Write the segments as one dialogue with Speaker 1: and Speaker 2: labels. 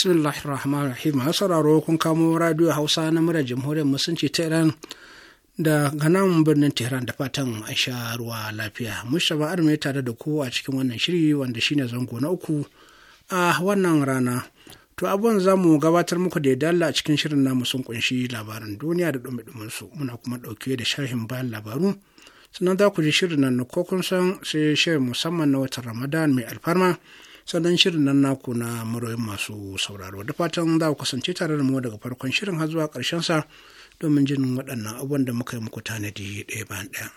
Speaker 1: bismillahir rahmanir rahim a sauraro kun kamo radio hausa na murar jamhuriyar musulunci ta iran da ganan birnin tehran da fatan an sha ruwa lafiya mustapha arme tare da ku a cikin wannan shiri wanda shine zango na uku a wannan rana to abubuwan za mu gabatar muku da dalla a cikin shirin namu sun kunshi labaran duniya da dumi su muna kuma ɗauke da sharhin bayan labaru sannan za ku ji shirin nan ko kun san sai shirin musamman na watan ramadan mai alfarma sannan shirin nan naku na murayin masu sauraro da fatan za ku kasance tare da mu daga farkon shirin har zuwa karshen sa domin jin waɗannan abubuwan da muka yi muku tanadi ɗaya bayan ɗaya.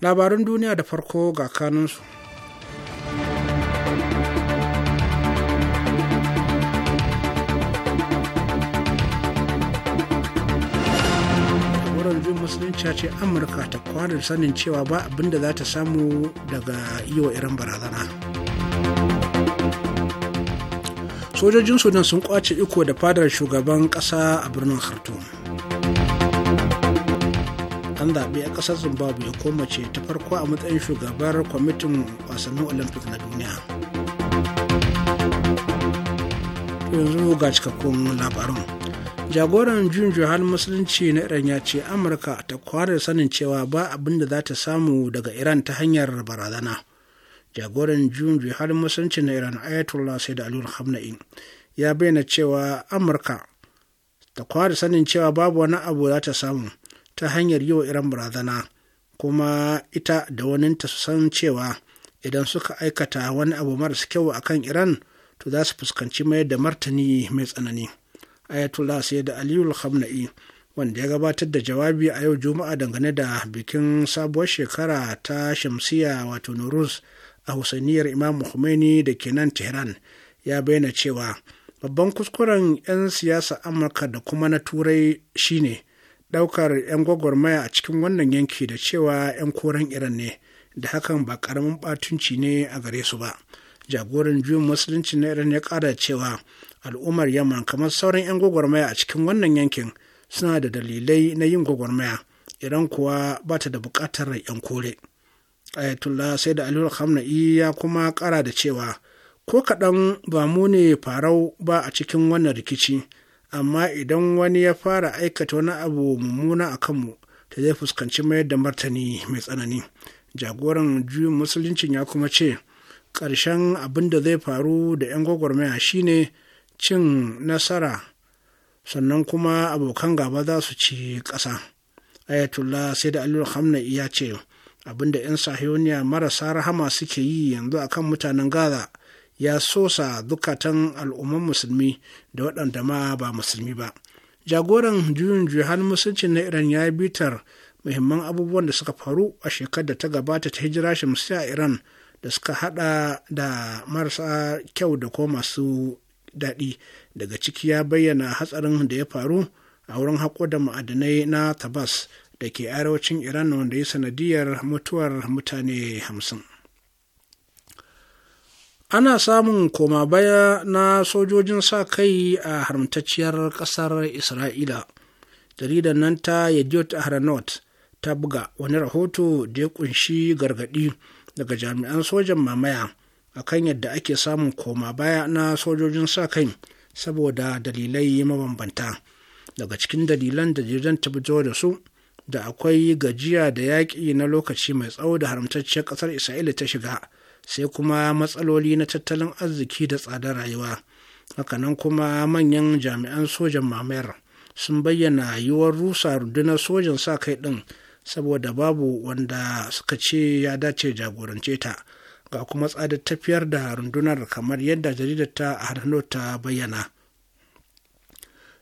Speaker 1: Labaran duniya da farko ga kanunsu. jagoran jin musulunci ce amurka ta kwanar sanin cewa ba abin da za ta samu daga yi wa irin barazana sojojin sudan sun kwace iko da fadar shugaban kasa a birnin khartoum an zaɓe a ƙasar zimbabwe ko mace ta farko a matsayin shugabar kwamitin wasannin olympic na duniya yanzu ga cikakkun labarin jagoran jin juhal musulunci na iran ya ce amurka ta kware sanin cewa ba abin da za ta samu daga iran ta hanyar barazana jagoran jin juhal musulunci na iran ayatollah sai da aliyul hamna'in ya bayyana cewa amurka ta kware sanin cewa babu wani abu za ta samu ta hanyar yi wa iran barazana kuma ita da wani ta san cewa idan suka aikata wani abu maras kyau akan iran to za su fuskanci mayar da martani mai tsanani. ayatollah sayyid aliyul khamna'i wanda ya gabatar da jawabi a yau juma'a dangane da bikin sabuwar shekara ta shamsiya wato Nuruz a husaniyar imam khomeini da ke nan tehran ya bayyana cewa babban kuskuren 'yan siyasa amurka da kuma na turai shine daukar 'yan gwagwarmaya a cikin wannan yanki da cewa 'yan koren iran ne da hakan ba karamin batunci ne a gare su ba jagoran juyin musulunci na iran ya kara cewa al'ummar yamma kamar sauran 'yan gwagwarmaya a cikin wannan yankin suna da dalilai na yin gwagwarmaya idan kuwa ba ta da buƙatar 'yan kore ayatollah sai da aliyu ya kuma ƙara da cewa ko kaɗan ba mu ne farau ba a cikin wannan rikici amma idan wani ya fara aikata wani abu mummuna a kanmu ta zai fuskanci mayar da martani mai tsanani jagoran juyin musuluncin ya kuma ce ƙarshen abin da zai faru da 'yan gwagwarmaya shine cin nasara sannan kuma abokan gaba za su ci ƙasa ayatollah sai da allura hamna ya ce abinda 'yan sahiyoniya marasa rahama suke yi yanzu akan mutanen gaza ya sosa zukatan al'umman musulmi da waɗanda ma ba musulmi ba jagoran juyin juhan musulcin na iran ya bitar muhimman abubuwan da suka faru a shekarar da ta gabata ta hijira shamsiya a iran da suka hada da marasa kyau da ko masu daɗi daga ciki ya bayyana hatsarin da ya faru a wurin haƙo da ma'adanai na tabas da ke arewacin iran wanda ya sanadiyar mutuwar mutane hamsin ana samun koma baya na sojojin sa kai a haramtacciyar ƙasar isra'ila jaridar nan ta yadiot aranot ta buga wani rahoto da ya kunshi gargaɗi daga jami'an sojan mamaya a kan yadda ake samun koma baya na sojojin sa kai saboda dalilai mabambanta daga cikin dalilan da jirgin ta fito da su da akwai gajiya da yaƙi na lokaci mai tsawo da haramtacciyar ƙasar isra'ila ta shiga sai kuma matsaloli na tattalin arziki da tsadar rayuwa hakanan kuma manyan jami'an sojan mamayar sun bayyana yiwuwar rusa rundunar sojan sa kai ɗin saboda babu wanda suka ce ya dace jagorance ta ga kuma tsadar tafiyar da rundunar kamar yadda jaridar ta hannu ta bayyana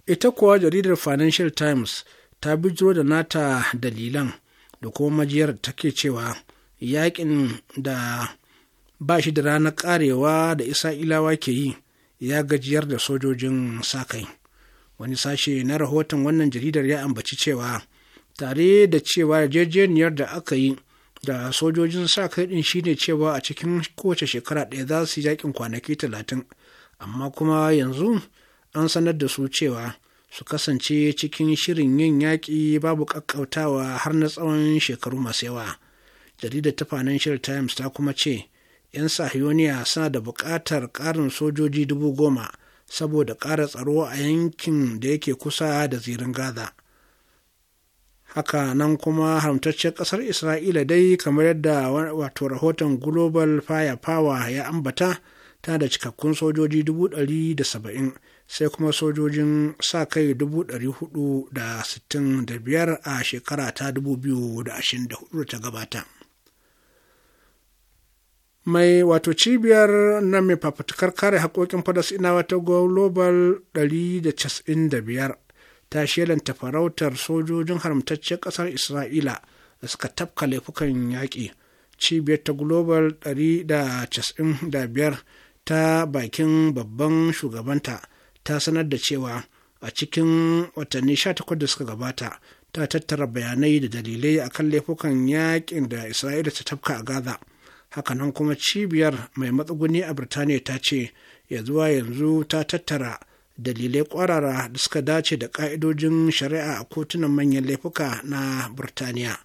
Speaker 1: ita kuwa jaridar financial times ta bijiro da nata dalilan da kuma majiyar take cewa yakin da ba shi da ranar karewa da isa ilawa ke yi ya gajiyar da sojojin sakai wani sashe na rahoton wannan jaridar ya ambaci cewa tare da cewa yarjejeniyar da aka yi da sojojin sa kai din shine cewa a cikin kowace shekara ɗaya za su yi yakin kwanaki talatin amma kuma yanzu an sanar da su cewa su kasance cikin shirin yin yaƙi babu ƙaƙƙautawa har na tsawon shekaru masu yawa jaridar ta financial times ta kuma ce 'yan sahiyoniya suna da buƙatar ƙarin sojoji dubu goma saboda ƙara tsaro a yankin da yake kusa da zirin gaza haka nan kuma haramtaccen ƙasar isra'ila dai kamar yadda wato rahoton global Fire Power ya ambata ta da cikakkun sojoji 170 sai kuma sojojin sa kai 465 a shekara ta 2024 ta gabata mai wato cibiyar na mai fafutukar kare haƙoƙin falasɗinawa ta global 195 ta shelanta farautar sojojin haramtaccen ƙasar isra'ila da suka tafka laifukan yaƙi cibiyar ta global 195 ta bakin babban shugabanta ta sanar da cewa a cikin watanni 18 da suka gabata ta tattara bayanai da dalilai akan laifukan yaƙin da isra'ila ta tafka a gaza hakanan kuma cibiyar mai matsuguni a birtaniya ta ce ya zuwa yanzu ta tattara dalilai kwarara da suka dace da ƙa'idojin shari'a a kotunan manyan laifuka na burtaniya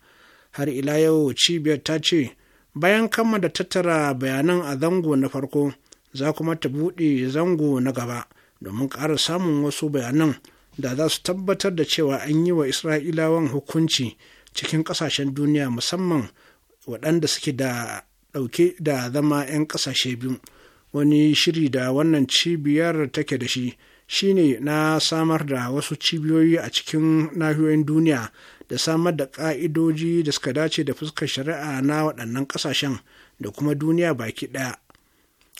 Speaker 1: har ila yau cibiyar ta ce bayan kama da tattara bayanan a zango na farko za kuma ta buɗe zango na gaba domin ƙara samun wasu bayanan da za su tabbatar da cewa an yi wa isra'ilawan hukunci cikin ƙasashen duniya musamman waɗanda suke da ɗauke da zama 'yan ƙasashe biyu wani shiri da wannan cibiyar take da shi shine na samar da wasu cibiyoyi a cikin nahiyoyin duniya da samar da ƙa'idoji da suka dace da fuskar shari'a na waɗannan ƙasashen da kuma duniya baki ɗaya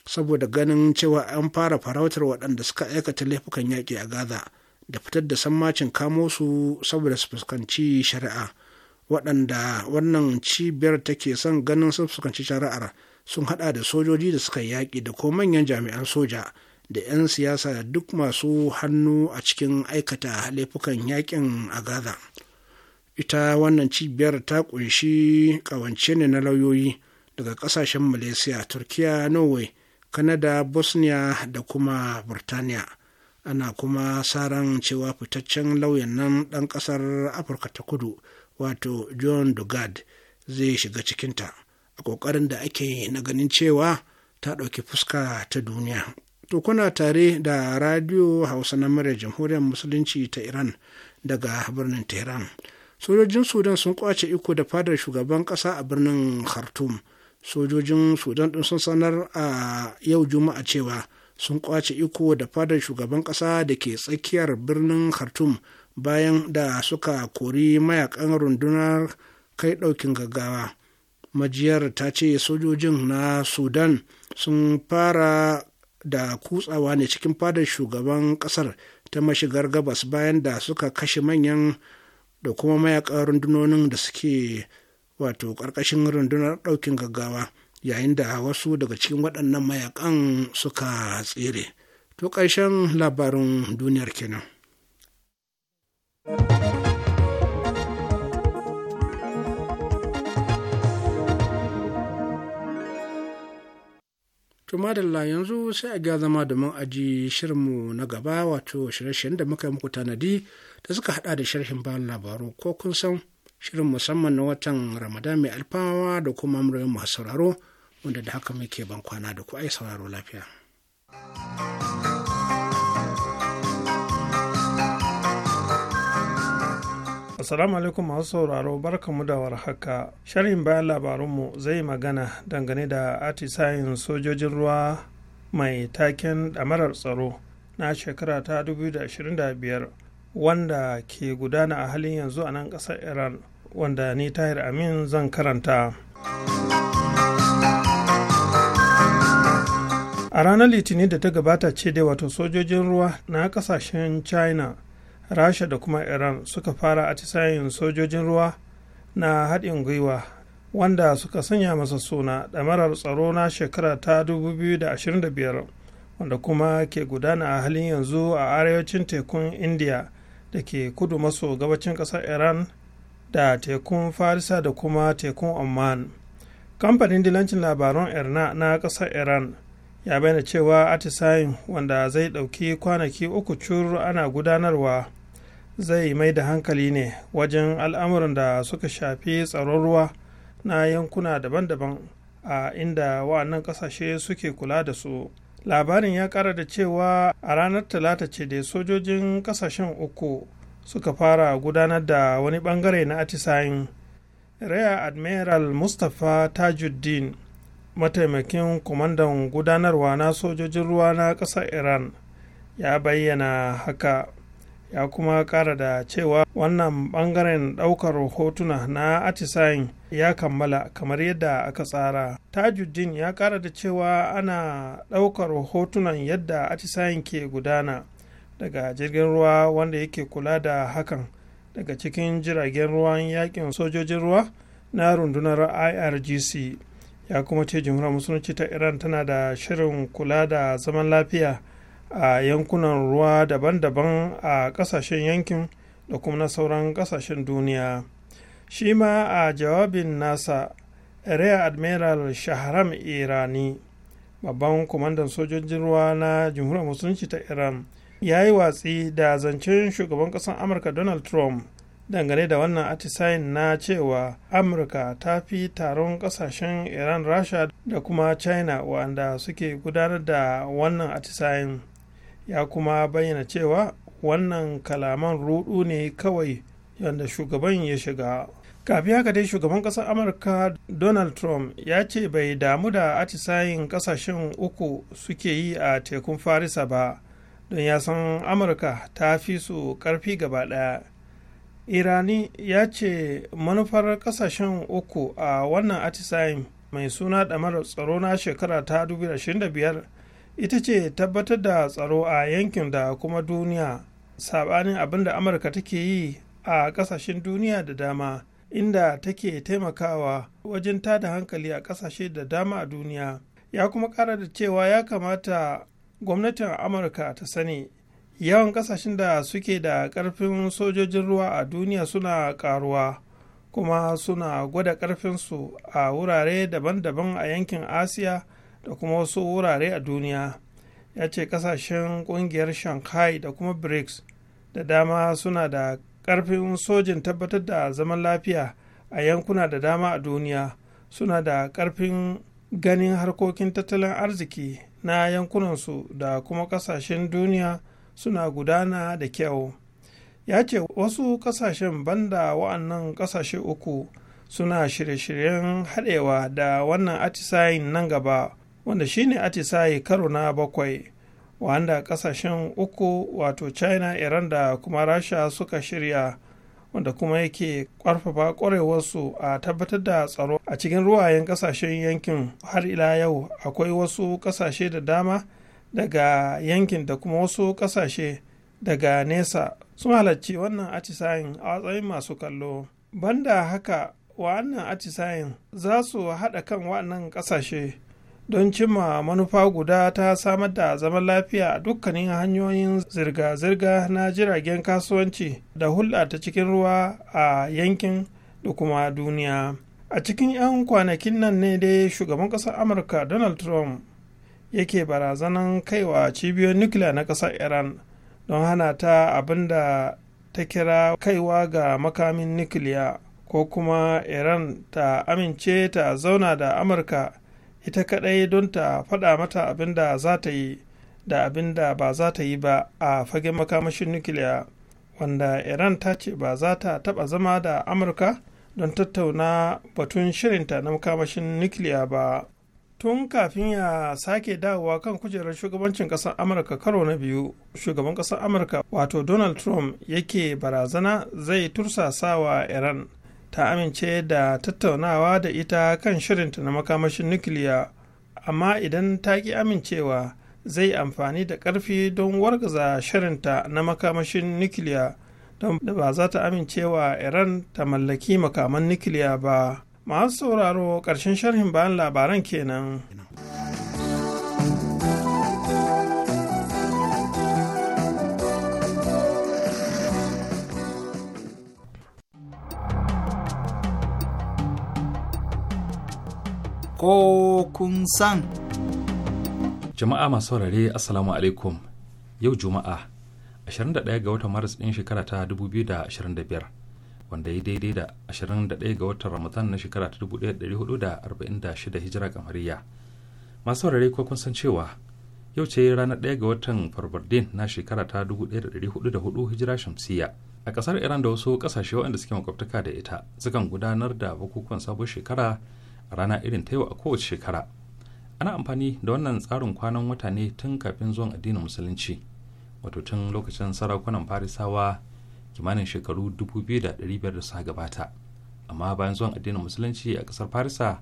Speaker 1: saboda ganin cewa an fara farautar waɗanda suka aikata laifukan yaƙi a gaza da fitar da sammacin kamo su saboda su fuskanci shari'a waɗanda wannan cibiyar take son ganin sun fuskanci shari'ar sun haɗa da sojoji da suka yaƙi da ko manyan jami'an soja da 'yan siyasa duk masu hannu a cikin aikata laifukan yakin a gaza ita wannan cibiyar ta kunshi kawance ne na lauyoyi daga kasashen malaysia turkiya norway Kanada, bosnia da kuma burtaniya ana kuma saran cewa fitaccen lauyan nan ɗan ƙasar afirka ta kudu wato john dugard zai shiga cikinta a ƙoƙarin da ake na ganin cewa ta ɗauki fuska ta duniya To kuna tare da radio Hausa na murya Jamhuriyar Musulunci ta Iran daga birnin Tehran. Sojojin Sudan sun kwace iko da fadar shugaban kasa a birnin khartum Sojojin Sudan ɗin sun sanar a yau Juma'a cewa sun kwace iko da fadar shugaban kasa da ke tsakiyar birnin khartum bayan da suka kori mayakan rundunar kai daukin gaggawa. Majiyar ta ce sojojin na Sudan sun fara da kutsawa ne cikin fadar shugaban kasar ta mashigar gabas bayan da suka kashe manyan da kuma mayakan rundunonin da suke wato ƙarƙashin rundunar ɗaukin gaggawa yayin da wasu daga cikin waɗannan mayakan suka tsere to ƙarshen labarin duniyar kenan. to madalla yanzu sai a ga zama domin aji shirinmu na gaba wato shirye-shiryen da muka yi muku tanadi da suka hada da sharhin bayan labaru ko kun san shirin musamman na watan ramadan mai alfawa da kuma muryoyin masu sauraro wanda da haka muke ban kwana da ku ai sauraro lafiya.
Speaker 2: Assalamu alaikum masu sauraro barkamu da warhaka. Sharhin bayan labarunmu zai magana dangane da atisayin sojojin ruwa mai taken ɗamarar tsaro na shekara ta 2025 wanda ke gudana a halin yanzu a nan ƙasar Iran wanda ni Tahir Amin zan karanta. A ranar Litinin da ta gabata ce dai wato sojojin ruwa na kasashen China. rasha da kuma iran suka fara atisayin sojojin ruwa na haɗin gwiwa wanda suka sanya masa suna ɗamarar tsaro na shekara ta 2025 wanda kuma ke gudana a halin yanzu a arewacin tekun india da ke kudu maso gabacin ƙasar iran da tekun farisa da kuma tekun oman kamfanin dilancin labaran irna na ƙasar iran ya bayyana cewa atisayin wanda zai ɗauki kwanaki uku cur ana gudanarwa zai mai da hankali ne wajen al'amuran da suka shafi tsaron ruwa na yankuna daban-daban a inda wa'annan kasashe suke kula da su labarin ya kara da cewa a ranar talata ce da sojojin kasashen uku suka fara gudanar da wani bangare na atisayin rear admiral mustapha tajuddin mataimakin kwamandan gudanarwa na sojojin ruwa na ƙasar iran ya bayyana haka ya kuma kara da cewa wannan bangaren daukar hotuna na atisayin ya kammala kamar yadda aka tsara tajuddin ya kara da cewa ana daukar hotunan yadda atisayin ke gudana daga jirgin ruwa wanda yake kula da hakan daga cikin jiragen ruwan yakin sojojin ruwa na rundunar irgc ya kuma ce jamhuriyar musulunci ta iran tana da shirin kula da zaman lafiya a yankunan ruwa daban-daban a ƙasashen yankin da kuma na sauran ƙasashen duniya shi ma a jawabin nasa rear admiral shahram irani babban kwamandan sojojin ruwa na jamhuriyar musulunci ta iran ya yi watsi da zancen shugaban ƙasar amurka donald trump dangane da wannan atisayin na cewa amurka ta fi taron kasashen iran rasha da kuma china wanda suke gudanar da wannan atisayin ya kuma bayyana cewa wannan kalaman rudu ne kawai yadda shugaban ya shiga kafin haka dai shugaban kasar amurka donald trump ya ce bai damu da atisayin kasashen uku suke yi a tekun farisa ba don ya san amurka ta fi su ƙarfi gaba ɗaya irani ya ce manufar ƙasashen uku a wannan atisayin mai suna damar tsaro na shekara ta 2025 ita ce tabbatar da tsaro a yankin da kuma duniya saɓanin abin da amurka take yi a ƙasashen duniya da dama inda take taimakawa wajen tada hankali a ƙasashe da dama a duniya ya kuma ƙara da cewa ya kamata gwamnatin amurka ta sani yawan ƙasashen da suke da ƙarfin sojojin ruwa a duniya suna ƙaruwa kuma suna gwada ƙarfinsu a wurare daban-daban a yankin asiya da kuma wasu wurare a duniya ya ce kasashen kungiyar shanghai da kuma brics da dama suna da karfin sojin tabbatar da zaman lafiya a yankuna da dama a duniya suna da karfin ganin harkokin tattalin arziki na yankunansu da kuma kasashen duniya suna gudana da kyau ya ce wasu kasashen banda wa'annan kasashe uku suna shirye-shiryen haɗewa da wannan atisayin nan gaba wanda shine atisaye karo na bakwai wanda kasashen uku wato china iran da kuma rasha suka shirya wanda kuma yake ƙarfafa ƙwarewarsu a tabbatar da tsaro a cikin ruwayen kasashen yankin har ila yau akwai wasu kasashe da dama daga yankin da kuma wasu kasashe daga nesa sun halarci wannan atisayin a matsayin masu kallo banda haka wa'annan atisayin za su haɗa kan wannan ƙasashe don cimma manufa guda ta samar da zaman lafiya a dukkanin hanyoyin zirga-zirga na jiragen kasuwanci da hulɗa ta cikin ruwa a yankin da kuma duniya a cikin 'yan kwanakin nan ne dai shugaban ƙasar amurka donald trump yake barazanan kaiwa cibiyoyin nukiliya na ƙasar iran don hana ta abin da ta kira kaiwa ga makamin nukiliya ko kuma iran ta amince ta zauna da amurka ita kaɗai don ta faɗa mata abin da za ta yi da abin da ba za ta yi ba a fagen makamashin nukiliya wanda iran ta ce ba za ta taɓa zama da amurka don tattauna batun shirinta na makamashin nukiliya ba tun kafin ya sake dawowa kan kujerar shugabancin ƙasar amurka karo na biyu shugaban ƙasar amurka wato donald trump yake barazana zai tursasawa iran ta amince da tattaunawa da ita kan shirinta na makamashin nukiliya amma idan ta ki amincewa zai amfani da ƙarfi don wargaza shirinta na makamashin nukiliya don da ba za ta amincewa iran ta mallaki makaman nukiliya ba masu sauraro ƙarshen sharhin bayan labaran kenan.
Speaker 3: ko kun san. Jama'a masu saurare Assalamu alaikum yau Juma'a 21 ga watan Maris ɗin shekara ta 2025 wanda ya daidai da 21 ga watan Ramadan na shekara ta 1446 hijira kamariya. Masu saurare ko kun san cewa yau ce ranar 1 ga watan Farbardin na shekara ta 1404 hijira shamsiyya. A kasar Iran da wasu kasashe waɗanda suke makwabtaka da ita sukan gudanar da bukukuwan sabon shekara rana irin ta yau a kowace shekara ana amfani da wannan tsarin kwanan wata ne tun kafin zuwan addinin musulunci wato tun lokacin sarakunan farisawa kimanin shekaru 2500 da suka gabata amma bayan zuwan addinin musulunci a kasar farisa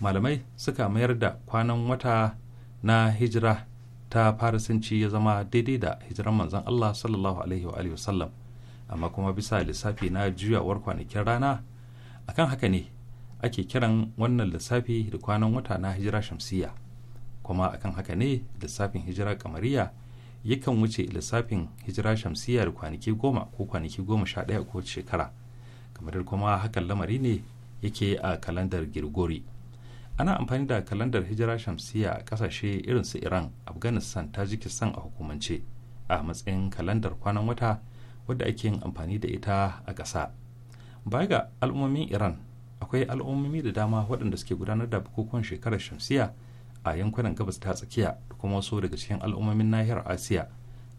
Speaker 3: malamai suka mayar da kwanan wata na hijira ta farisanci ya zama daidai da hijiran manzon Allah sallallahu alaihi wa sallam amma kuma bisa lissafi na juyawar kwanakin rana akan haka ne ake kiran wannan lissafi da kwanan wata na hijira shamsiya kuma akan haka ne lissafin hijira kamariya yakan wuce lissafin hijira shamsiya da kwanaki goma ko kwanaki goma sha ɗaya ko shekara kamar kuma hakan lamari ne yake a kalandar girgori ana amfani da kalandar hijira shamsiya a kasashe irin su iran afghanistan tajikistan a hukumance a matsayin kalandar kwanan wata wadda ake yin amfani da ita a ƙasa baya ga al'ummomin iran akwai al'ummomi da dama waɗanda suke gudanar da bukukuwan shekarar shamsiya a yankunan gabas ta tsakiya da kuma wasu daga cikin al'ummomin nahiyar asiya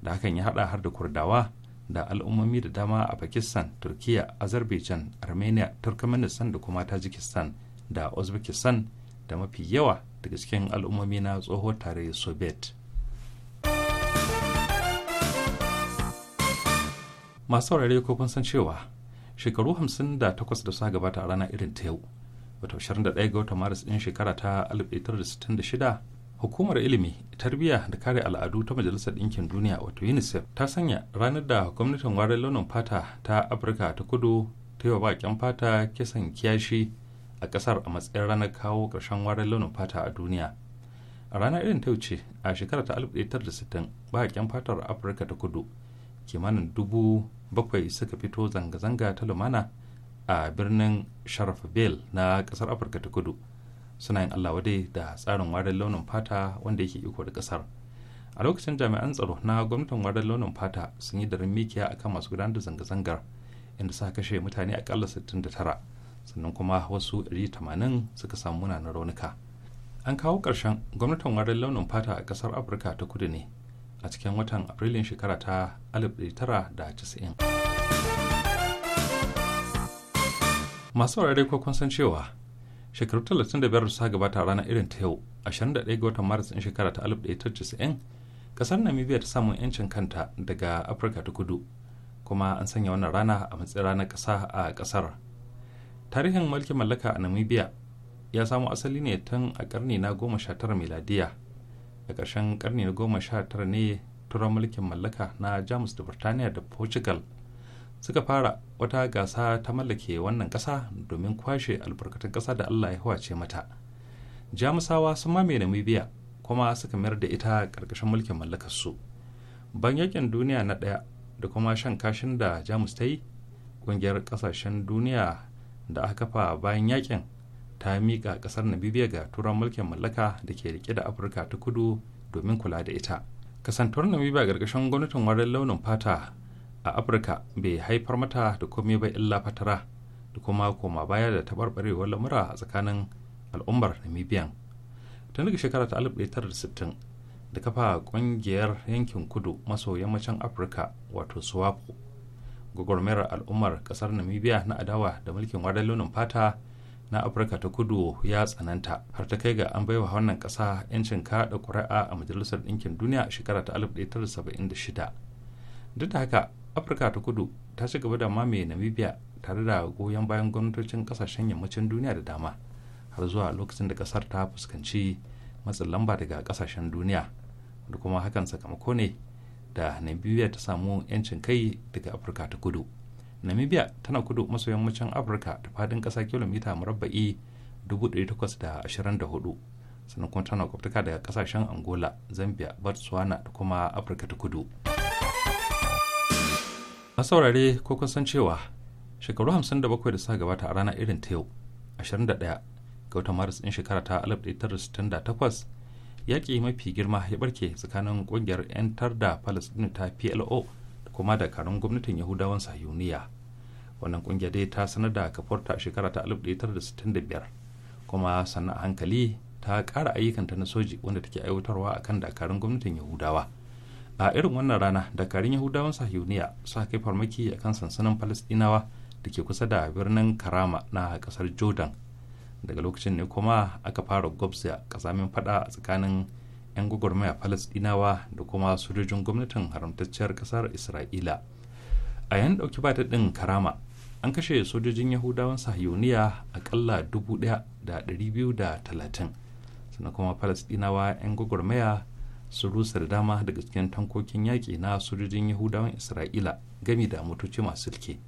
Speaker 3: da hakan ya haɗa har da kurdawa da al'ummomi da dama a pakistan turkiya azerbaijan armenia turkmenistan da kuma tajikistan da uzbekistan da mafi yawa daga cikin al'ummomi na tsohon tarayyar soviet masu saurare ko kun san cewa shekaru 58 da suka gabata a rana irin ta yau wato 21 ga watan maris ɗin shekara ta 1966 hukumar ilimi tarbiyya da kare al'adu ta majalisar ɗinkin duniya wato unicef ta sanya ranar da gwamnatin warin launin fata ta afirka ta kudu ta yi wa baƙin fata kisan kiyashi a ƙasar a matsayin ranar kawo ƙarshen warin launin fata a duniya a ranar irin ta wuce a shekara ta 1960 baƙin fatar afirka ta kudu kimanin dubu bakwai suka fito zanga-zanga ta lumana a birnin el-Bel na kasar afirka ta kudu suna yin allah wadai da tsarin warin launin fata wanda yake iko da kasar a lokacin jami'an tsaro na gwamnatin warin launin fata sun yi darin mikiya akan masu gudanar da zanga-zangar inda suka kashe mutane akalla 69 sannan kuma wasu tamanin suka samu munanan raunuka an kawo ƙarshen gwamnatin warin launin fata a kasar afirka ta kudu ne a cikin watan Afrilun shekara ta 1990. Masu warare ko kun san cewa shekaru 35 da suka gabata ranar irin ta yau 21 ga watan Maris ɗin shekara ta 1990 kasar Namibia ta samu 'yancin kanta daga Afirka ta kudu kuma an sanya wannan rana a matsayin ranar ƙasa a ƙasar. Tarihin mulkin mallaka a Namibia ya samo asali ne tun a ƙarni na 19 miladiyya a ƙarshen karni na goma sha tara ne turan mulkin mallaka na jamus da burtaniya da portugal suka fara wata gasa ta mallake wannan ƙasa domin kwashe albarkatun ƙasa da allah ya huwace mata jamusawa sun mame namibia kuma suka mayar da ita ƙarƙashin mulkin mallakar su ban yakin duniya na ɗaya da kuma shan kashin da jamus ta yi ƙungiyar ƙasashen duniya da aka kafa bayan yakin ta miƙa ƙasar namibia ga turan mulkin mallaka da ke rike da afirka ta kudu domin kula da ita kasantar namibia gargashin gwamnatin warin launin fata a afirka bai haifar mata da komai ba illa fatara da kuma koma baya da taɓarɓarewar lamura a tsakanin al'ummar namibia. tun daga shekara ta 1960 da kafa ƙungiyar yankin kudu maso yammacin afirka wato swapo gwagwarmayar al'ummar ƙasar namibia na adawa da mulkin warin launin fata na afirka ta kudu ya tsananta har ta kai ga an baiwa wannan ƙasa 'yancin kaɗa ƙuri'a a majalisar ɗinkin duniya shekara ta 1976 duk da haka afirka ta kudu ta ci gaba da mamaye namibia tare da goyon bayan gwamnatocin ƙasashen yammacin duniya da dama har zuwa lokacin da ƙasar ta fuskanci matsin lamba daga ƙasashen duniya da kuma hakan sakamako ne da namibia ta samu 'yancin kai daga afirka ta kudu namibia tana kudu maso yammacin afirka ta fadin kasa kilomita murabba'i 824 sannan kuma tana kwaftuka daga kasashen angola zambia botswana da kuma afirka ta kudu masaurare ko kun cewa shekaru 57 da suka gabata a rana irin ta yau 21 ga watan maris ɗin shekara ta 1968 yaƙi mafi girma ya barke tsakanin ƙungiyar 'yantar da palestine ta plo kuma da karin gwamnatin yahudawan sahiyuniya wannan kungiya dai ta sanar da kafarta a shekara ta 1965 kuma sannan a hankali ta kara ayyukanta na soji wanda take aiwatarwa akan dakarun gwamnatin yahudawa a irin wannan rana dakarun yahudawan sahiyuniya suka kai farmaki akan sansanin falastinawa da ke kusa da birnin karama na kasar jordan daga lokacin ne kuma aka fara gwabza kasamin fada a tsakanin 'yan gwagwarmaya falasdinawa da kuma sojojin gwamnatin haramtacciyar kasar isra'ila a yan dauki bata din karama an kashe sojojin yahudawan sahiyoniya akalla talatin sannan kuma falasdinawa 'yan gwagwarmaya su rusa da dama daga cikin tankokin yaƙi na sojojin yahudawan isra'ila gami da motoci masu sulke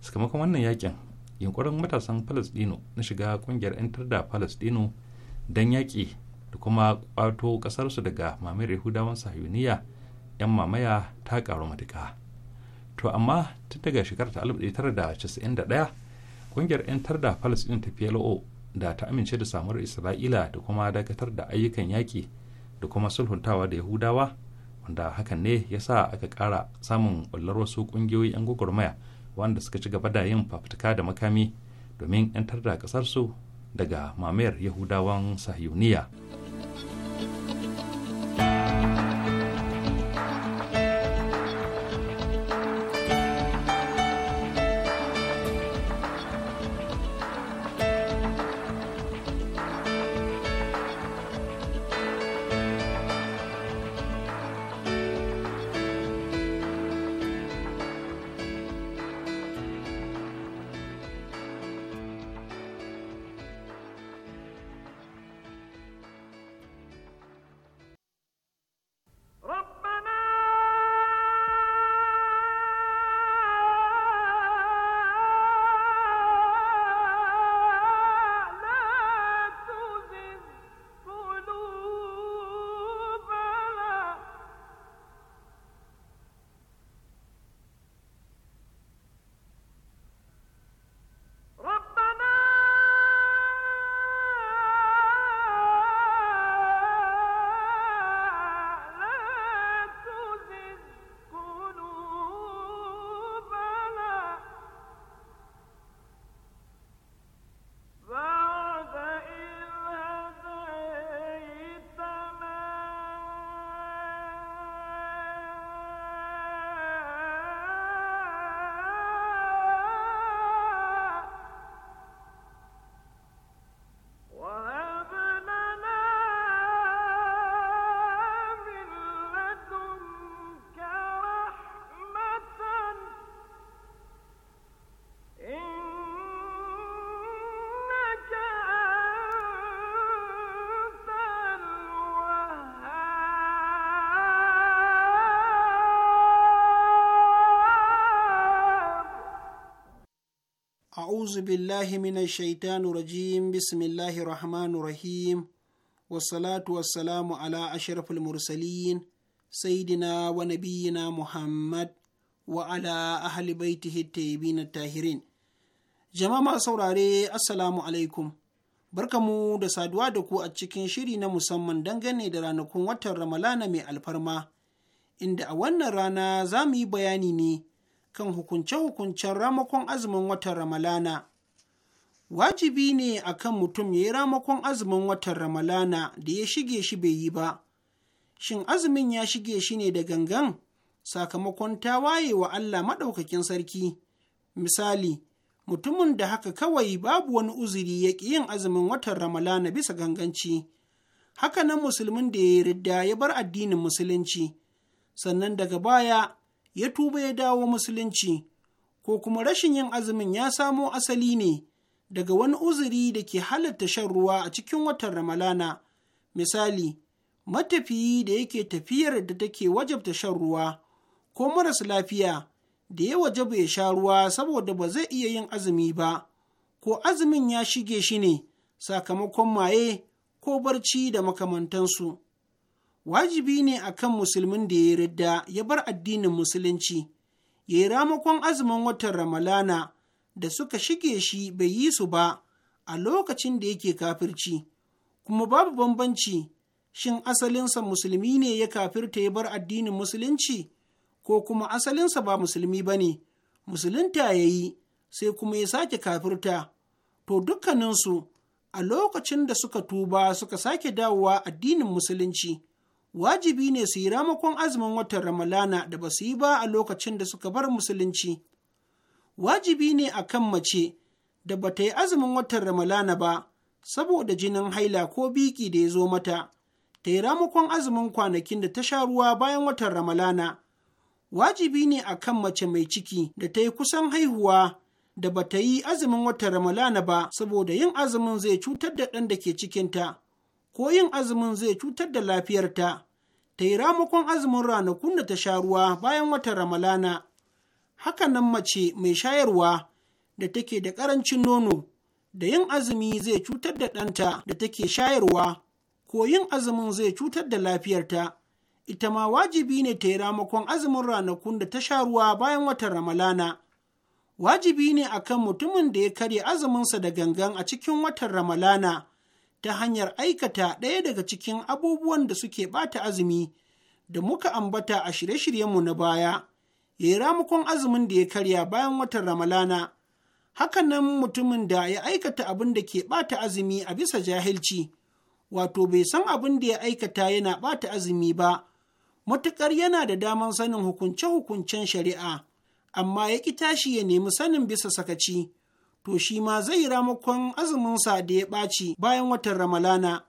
Speaker 3: sakamakon wannan yakin yunkurin matasan falasdino na shiga kungiyar 'yantar da falasdino don yaƙi da kuma kwato kasarsu daga mamayar yahudawan sahiyuniya yan mamaya ta karu matuka to amma tun daga shekarar ta 1991 kungiyar 'yantar da palestine ta plo da ta amince da samuwar isra'ila da kuma dakatar da ayyukan yaƙi da kuma sulhuntawa da yahudawa wanda hakan ne ya sa aka ƙara samun ɓullar wasu ƙungiyoyi 'yan gwagwarmaya wanda suka ci gaba da yin fafutuka da makami domin 'yantar da ƙasarsu daga mamayar yahudawan sahiyuniya.
Speaker 4: a'uzu billahi minash shaitani rajim bismillahir rahmanir rahim wassalatu wassalamu ala ashrafil mursalin sayyidina wa nabiyyina muhammad wa ala ahli baitihi tayyibin tahirin jama'a masu saurare alaikum barkamu da saduwa da ku a cikin shiri na musamman dangane da ranakun watan ramalana mai alfarma inda a wannan rana za mu yi bayani ne kan hukunce-hukuncen ramakon azumin watan Ramalana. Wajibi ne a kan mutum ya yi ramakon azumin watan Ramalana da ya shige shi bai yi ba, shin azumin ya shige shi ne da gangan sakamakon ta waye wa Allah maɗaukakin sarki. Misali, mutumin da haka kawai babu wani uzuri ya ƙi yin azumin watan Ramalana bisa ganganci. Haka Hakanan musulmin da ya yi ridda ya bar addinin musulunci, sannan daga baya ya tuba ya dawo musulunci, ko kuma rashin yin azumin ya samo asali ne daga wani uzuri da ke halatta shan ruwa a cikin watan Ramalana. Misali, matafiyi da yake tafiyar da take wajabta shan ruwa, ko maras lafiya da ya wajaba ya sha ruwa saboda ba zai iya yin azumi ba, ko azumin ya shige shi ne sakamakon maye ko barci da makamantansu. wajibi ne a kan musulmin da ya yarda ya bar addinin musulunci ya yi ramakon azumin watan ramalana da suka shige shi bai yi su ba a lokacin da yake kafirci kuma babu bambanci shin asalinsa musulmi ne ya kafirta ya bar addinin musulunci ko kuma asalinsa ba musulmi ba ne musulunta ya yi sai kuma ya sake kafirta to dukkaninsu a lokacin da suka tuba suka sake dawowa addinin musulunci wajibi ne su yi ramakon azumin watan Ramalana da ba su yi ba a lokacin da suka bar musulunci. Wajibi ne a kan mace da ba ta yi azumin watan Ramalana ba, saboda jinin haila ko biki da ya zo mata, ta yi ramakon azumin kwanakin da ta sha ruwa bayan watan Ramalana. Wajibi ne a kan mace mai ciki da ta yi kusan haihuwa da ba ta yi azumin watan Ramalana ba, saboda yin azumin zai cutar da ɗan da ke cikinta. ko yin azumin zai cutar da lafiyarta ta yi ramakon azumin ranakun da ta sha ruwa bayan watan ramalana hakanan mace mai shayarwa da take da ƙarancin nono da yin azumi zai cutar da ɗanta da take shayarwa ko yin azumin zai cutar da lafiyarta ita ma wajibi ne ta yi ramakon azumin ranakun da ta sha ruwa bayan watan ramalana wajibi ne akan mutumin da ya karya azuminsa da gangan a cikin watan ramalana ta hanyar aikata ɗaya daga cikin abubuwan da suke ɓata azumi da muka ambata a shirye-shiryenmu na baya, ya yi ramukon azumin da ya karya bayan watan Ramalana, hakanan mutumin da ya aikata abin da ke ɓata azumi a bisa jahilci, wato bai san abin da ya aikata yana ɓata azumi ba, matuƙar yana da daman sanin hukunce-hukuncen shari'a, amma ya ƙi tashi ya nemi sanin bisa sakaci. to shi ma zai ramakon azuminsa da ya ɓaci bayan watan Ramalana.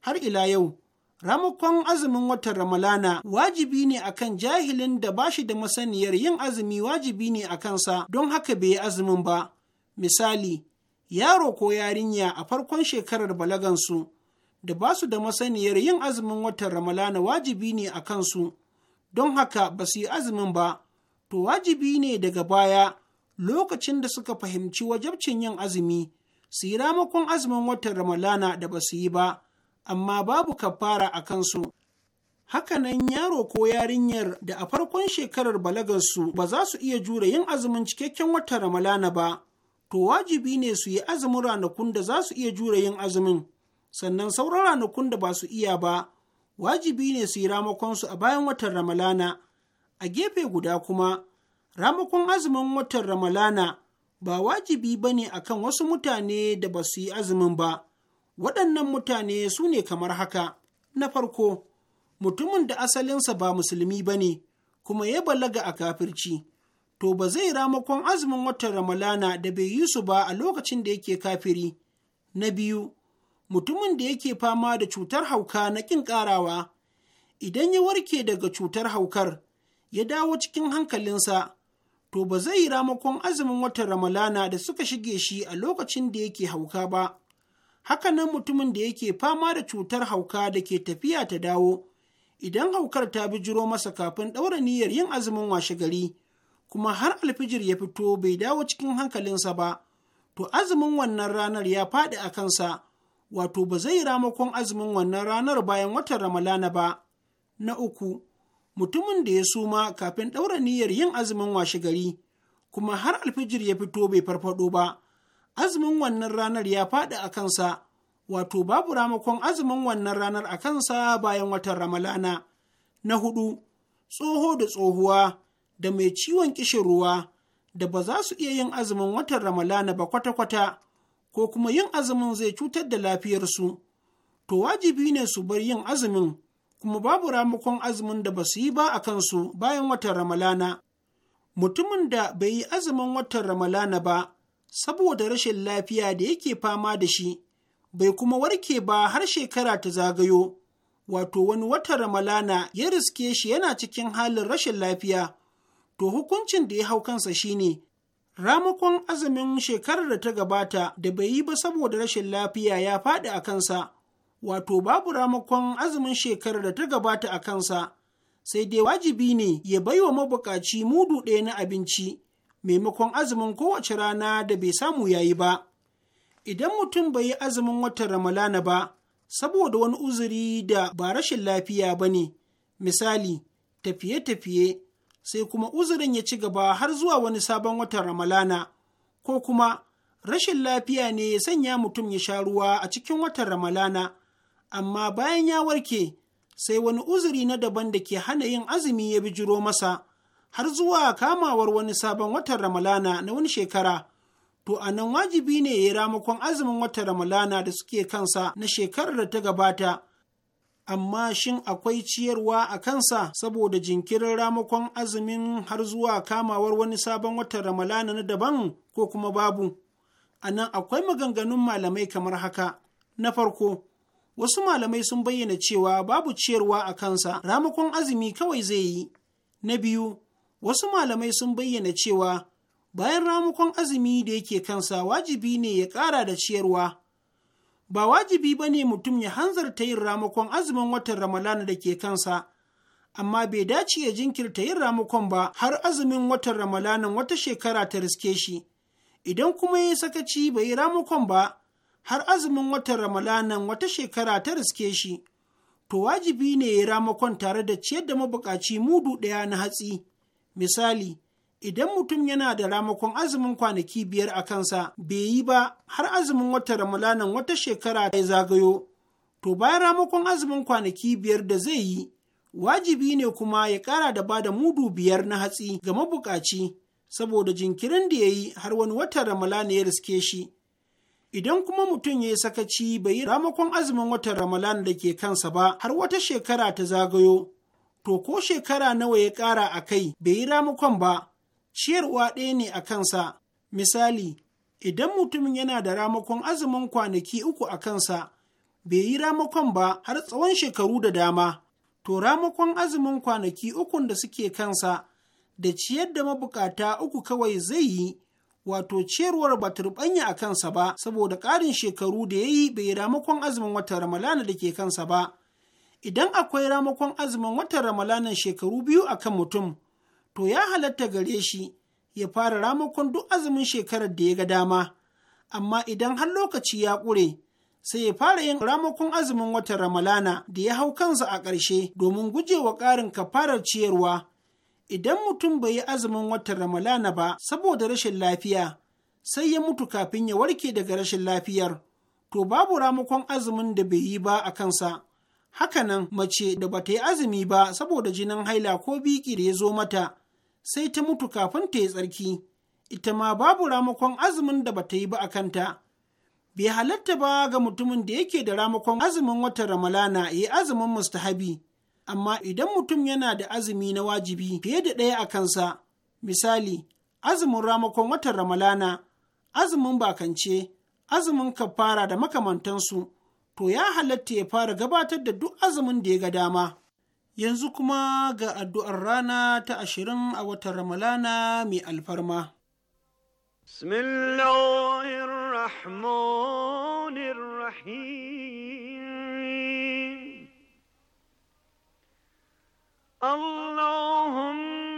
Speaker 4: Har ila yau, ramakon azumin watan Ramalana wajibi ne akan jahilin da ba shi da masaniyar yin azumi wajibi ne a kansa don haka bai yi azumin ba. Misali, yaro ko yarinya a farkon shekarar balagansu da ba su da masaniyar yin azumin watan Ramalana wajibi ne a kansu, don haka ba su yi azumin ba, to wajibi ne daga baya. lokacin da suka fahimci wajabcin yin azumi su yi ramakon azumin watan ramalana da ba su yi ba amma babu kafara a kansu hakanan yaro ko yarinyar da a farkon shekarar balagarsu ba za su iya jure yin azumin cikakken watan ramalana ba to wajibi ne su yi azumin ranakun da za su iya jure yin azumin sannan sauran ranakun da ba su iya ba wajibi ne su yi ramakonsu a bayan watan ramalana a gefe guda kuma ramakon azumin watan Ramalana ba wajibi ba ne a kan wasu mutane da ba su yi azumin ba, waɗannan mutane su ne kamar haka. Na farko, mutumin da asalinsa ba musulmi ba ne, kuma ya balaga a kafirci, to ba zai ramakon azumin watan Ramalana da bai yi su ba a lokacin da yake kafiri. Na biyu, mutumin da yake fama da cutar hauka na ƙin ƙarawa, idan ya warke daga cutar haukar, ya dawo cikin hankalinsa. to ba zai yi ramakon azumin watan Ramalana da suka shige shi a lokacin da yake hauka ba. Hakanan mutumin da yake fama da cutar hauka da ke tafiya ta dawo, idan haukar ta bijiro masa kafin ɗaura niyyar yin azumin washe gari, kuma har alfijir ya fito bai dawo cikin hankalinsa ba, to azumin wannan ranar ya faɗi a kansa, wato ba zai ramakon azumin wannan ranar bayan watan Ramalana ba. Na uku, mutumin da ya suma kafin ɗaura niyyar yin azumin washe gari kuma har alfijir ya fito bai farfado ba azumin wannan ranar ya faɗi a kansa wato babu ramakon azumin wannan ranar a kansa bayan watan ramalana na hudu tsoho da tsohuwa da mai ciwon kishin ruwa da ba za su iya yin azumin watan ramalana ba kwata-kwata ko kuma yin azumin zai cutar da lafiyarsu to wajibi ne su bar yin azumin kuma babu ramakon azumin da ba su yi ba a kansu bayan watan Ramalana. Mutumin da bai yi azumin watan Ramalana ba, saboda rashin lafiya da yake fama da shi, bai kuma warke ba har shekara ta zagayo, wato wani watan Ramalana ya riske shi yana cikin halin rashin lafiya, to hukuncin da ya hau kansa shine ramakon azumin shekarar da ta gabata da bai yi ba saboda rashin lafiya ya faɗi a kansa. wato babu ramakon azumin shekarar da ta gabata a kansa, sai dai wajibi ne ya bai wa mabukaci mudu ɗaya na abinci, maimakon azumin kowace rana da bai samu yayi ba. Idan mutum bai yi azumin watan Ramalana ba, saboda wani uzuri da ba rashin lafiya ba ne, misali, tafiye-tafiye, sai kuma uzurin ya ci gaba har zuwa wani sabon watan Ramalana, ko kuma rashin lafiya ne ya sanya mutum ya sha ruwa a cikin watan Ramalana. amma bayan ya warke sai wani uzuri na daban da ke hana yin azumi ya bijiro masa har zuwa kamawar wani sabon watan ramalana na wani shekara to a nan wajibi ne ya ramakon azumin watan ramalana da suke kansa na shekarar da ta gabata amma shin akwai ciyarwa a kansa saboda jinkirin ramakon azumin har zuwa kamawar wani sabon watan ramalana na daban ko kuma babu a nan akwai maganganun malamai kamar haka na farko wasu malamai sun bayyana cewa babu ciyarwa a kansa ramakon azumi kawai zai yi na biyu wasu malamai sun bayyana cewa bayan ramakon azumi da yake kansa wajibi ne ya ƙara da ciyarwa ba wajibi ba ne mutum ya hanzarta yin ramakon azumin watan ramadana da ke kansa amma bai dace ya jinkirta yin ramakon ba har azumin watan ramadanan wata shekara ta riske shi idan kuma ya sakaci bai yi ramakon ba har azumin watan ramalanan wata shekara ta riske shi to wajibi ne ya ramakon tare da ciyar da mabukaci mudu ɗaya na hatsi misali idan mutum yana da ramakon azumin kwanaki biyar a kansa bai yi ba har azumin watan ramalanan wata shekara ya zagayo to bayan ramakon azumin kwanaki biyar da zai yi wajibi ne kuma ya ƙara da bada mudu biyar na hatsi ga mabukaci saboda jinkirin da ya yi har wani watan ramalana ya riske shi Idan kuma mutum ya yi sakaci bai yi ramakon azumin watan Ramadan da ke kansa ba har wata shekara ta zagayo, to ko shekara nawa ya ƙara a kai bai yi ramakon ba, ciyarwa ɗaya ne a kansa. Misali, idan mutumin yana da ramakon azumin kwanaki uku a kansa, bai yi ramakon ba har tsawon shekaru da dama, to ramakon azumin kwanaki ukun da suke kansa da ciyar da mabukata uku kawai zai yi wato ciyarwar ba ta a kansa ba saboda ƙarin shekaru da ya yi bai ramakon azumin watan ramalana da ke kansa ba idan akwai ramakon azumin watan ramalana shekaru biyu a kan mutum to ya halatta gare shi ya fara ramakon duk azumin shekarar da ya ga dama amma idan har lokaci ya ƙure sai ya fara yin ramakon azumin watan ramalana da ya hau kansa a ƙarshe domin gujewa ƙarin kafarar ciyarwa idan mutum bai yi azumin watan Ramalana ba saboda rashin lafiya, sai ya mutu kafin ya warke daga rashin lafiyar, to babu ramakon azumin da bai yi ba a kansa. Hakanan mace da bata yi azumi ba saboda jinin haila ko biki da ya zo mata, sai ta mutu kafin ta yi tsarki, ita ma babu ramakon azumin da bata yi ba a kanta. Bai halatta ba ga mutumin da yake da ramakon azumin watan Ramalana ya yi azumin mustahabi. amma idan mutum yana da azumi na wajibi fiye da ɗaya a kansa, misali, azumin ramakon watan Ramalana, azumin bakance, azumin kafara da makamantansu, to ya halatta ya fara gabatar da duk azumin da ya ga dama. Yanzu kuma ga addu'ar rana ta ashirin a watan Ramalana mai alfarma. Bismillahirrahmanirrahim.
Speaker 5: اللهم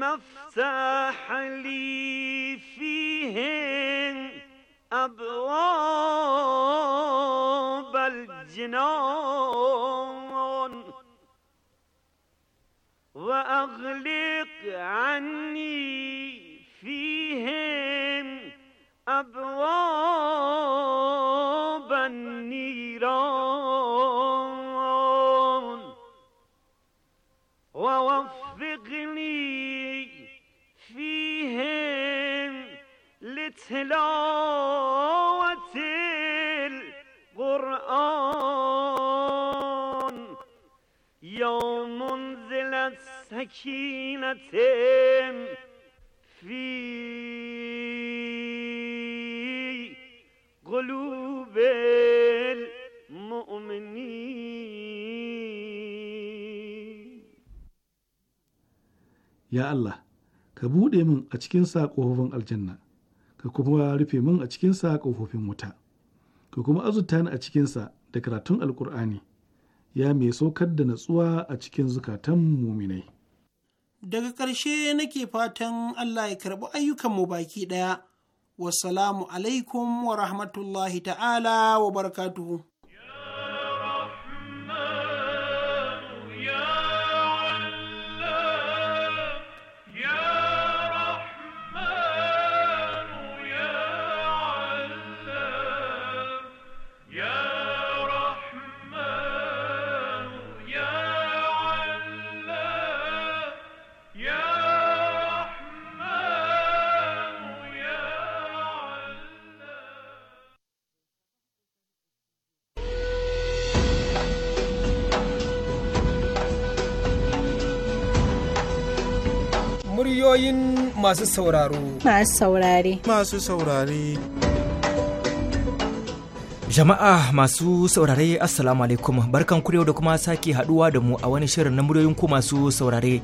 Speaker 5: مفتاح لي فيهن أبواب الجنان وأغلق عني فيهن أبواب تلاوة القرآن يا منزل السكينة في قلوب المؤمنين
Speaker 6: يا الله ka buɗe min a cikin saƙofin aljanna ka kuma rufe min a cikinsa ƙofofin wuta ka kuma azurta ni a cikinsa da karatun alkur'ani ya mai saukar da natsuwa a cikin zukatan muminai
Speaker 4: daga ƙarshe nake fatan allah ya karɓi ayyukanmu baki ɗaya wasalamu alaikum wa rahmatullahi ta'ala wa barakatuhu masu sauraro. Masu saurare. Masu saurare.
Speaker 7: Jama'a masu saurare Assalamu alaikum barkan kurewa da kuma sake haduwa da mu a wani shirin na muryoyin ku masu saurare.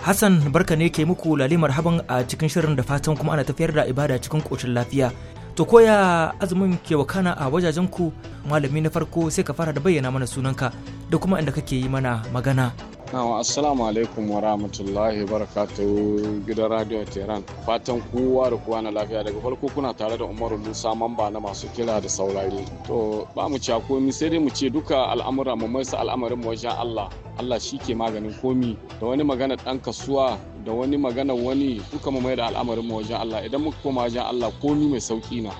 Speaker 7: Hassan barka ne ke muku lalimar marhaban a cikin shirin da fatan kuma ana tafiyar da ibada cikin kocin lafiya. To koya azumin ke wakana a wajajen ku malami na farko sai ka fara da bayyana mana sunanka da kuma inda kake yi mana magana.
Speaker 6: assalamu alaikum wa rahmatullahi barakatuhu gidan radio tehran fatan kowa da kowa na lafiya daga farko kuna tare da umaru musa mamba na masu kira da saurari to ba mu ci komi sai dai mu ce duka al'amura mu mai al'amarin mu wajen allah allah shi ke maganin komi da wani magana dan kasuwa da wani magana wani duka mu mai da al'amarin mu wajen allah idan muka koma wajen allah komi mai sauki na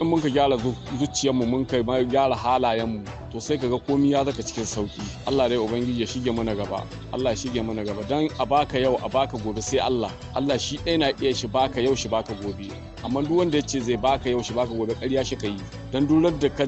Speaker 6: in mun ka gyara zuciyarmu mun ka gyara halayenmu to sai ka ga komi ya zaka cikin sauki Allah dai ubangiji ya shige mana gaba Allah ya shige mana gaba dan a baka yau a baka gobe sai Allah Allah shi ɗaya na iya shi baka yau shi baka gobe amma duk wanda yace zai baka yau shi baka gobe ƙarya shi kai dan duk da ka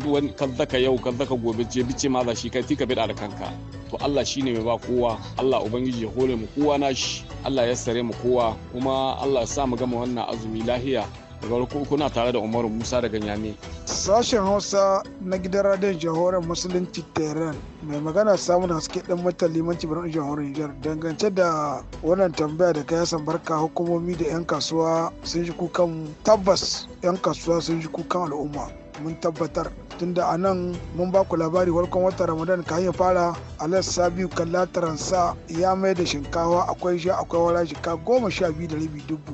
Speaker 6: zaka yau ka zaka gobe je bice ma za shi kai tika bida da kanka to Allah shine mai ba kowa Allah ubangiji ya hore mu kowa na shi Allah ya sare mu kowa kuma Allah ya sa mu gama wannan azumi lahiya daga kuna tare da umaru musa daga nyame
Speaker 8: sashen hausa na gidan radiyon jahoran musulunci tehran mai magana samun haske dan matan limanci birnin jihohoren nijar dangance da wannan tambaya da san barka hukumomi da 'yan kasuwa sun shi kukan tabbas 'yan kasuwa sun shi kukan al'umma mun tabbatar tunda a nan mun ba ku labari warkon watan ramadan ka hanyar fara alassa biyu kan sa ya mai da shinkawa akwai sha akwai wala shika goma sha biyu da rabi dubu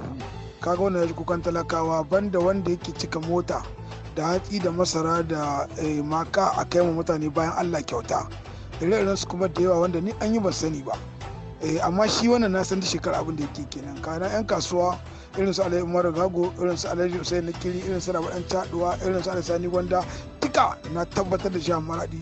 Speaker 8: kaga wannan ya kukan talakawa banda wanda yake cika mota da hatsi da masara da eh, maka a kai mutane bayan allah kyauta ire-iren su kuma da yawa wanda ni an yi ban sani ba eh, amma shi wannan na san da shekara abin da yake kenan kana yan kasuwa irin su alayi umaru gago irin su alayi usaini kiri irin su dan caduwa irin su alayi sani gwanda duka na tabbatar da jihar maradi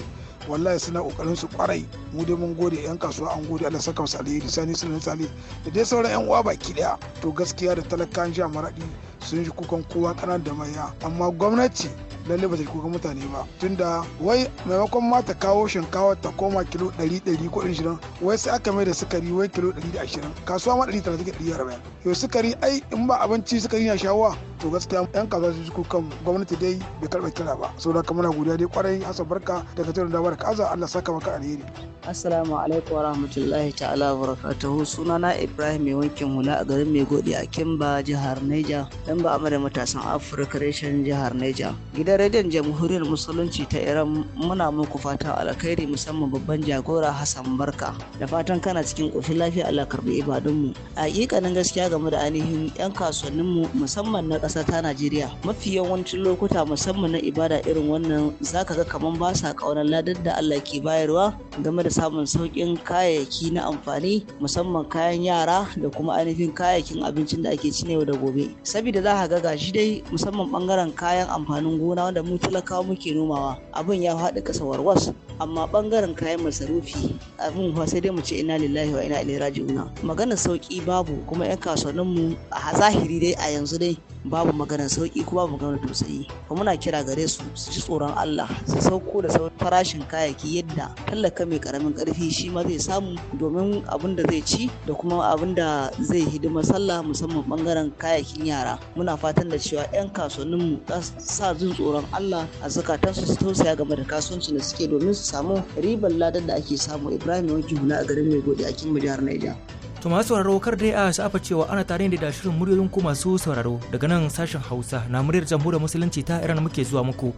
Speaker 8: wallahi suna kokarin su kwarai mu dai mun gode yan kasuwa an gode Allah saka musu alheri sani sunan sali da dai sauran yan uwa baki daya to gaskiya da talakan jama'a maradi sun ji kukan kowa kanar da manya amma gwamnati lalle ba ta kuka mutane ba tunda wai maimakon ma ta kawo shinkawa ta koma kilo 100 ko 20 wai sai aka mai da sukari wai kilo 120 kasuwa ma 130 140 yau sukari ai in ba abinci sukari na shawa to gaskiya yan kaza su ji kukan gwamnati dai bai karba kira ba saboda kamar godiya dai kwarai asa barka daga tare da dabar kaza Allah saka maka alheri
Speaker 9: assalamu alaikum warahmatullahi ta'ala wa barakatuhu sunana Ibrahim mai wankin hula a garin mai godi a Kimba jihar Niger dan ba matasan afirka reshen jihar neja gidan rediyon jamhuriyar musulunci ta iran muna muku fatan alkhairi musamman babban jagora hassan barka da fatan kana cikin ƙoshin lafiya allah karbi ibadunmu hakikanin gaskiya game da ainihin yan kasuwanninmu musamman na ƙasa ta najeriya mafi yawancin lokuta musamman na ibada irin wannan zaka ga kaman ba sa ƙaunar ladar da allah ke bayarwa game da samun sauƙin kayayyaki na amfani musamman kayan yara da kuma ainihin kayayyakin abincin da ake ci yau da gobe saboda za ka ga gashi dai musamman bangaren kayan amfanin gona wanda mu talakawa muke nomawa abin ya faɗi ƙasa warwas amma bangaren kayan masarufi abin fa sai dai mu ce ina lillahi wa ina ilaihi raji'un maganar sauki babu kuma yan kasuwannin mu a zahiri dai a yanzu dai babu maganar sauki kuma babu maganar tausayi kuma muna kira gare su su ji tsoron Allah su sauko da sauran farashin kayayyaki yadda tallaka mai karamin karfi shi ma zai samu domin abin da zai ci da kuma abin da zai hidima sallah musamman bangaren kayayyakin yara muna fatan da cewa 'yan kasuwanninmu za su sa jin tsoron Allah a zakatar su tausaya game da kasuwanci da suke domin su samu ribar ladar da ake samu Ibrahim Wanki Huna a garin Maigode a Kimba jihar Niger.
Speaker 7: To masu sauraro kar dai a sa'afa cewa ana tare da shirin muryoyin ku masu sauraro daga nan sashen Hausa na muryar jamhuriyar musulunci ta Iran muke zuwa muku.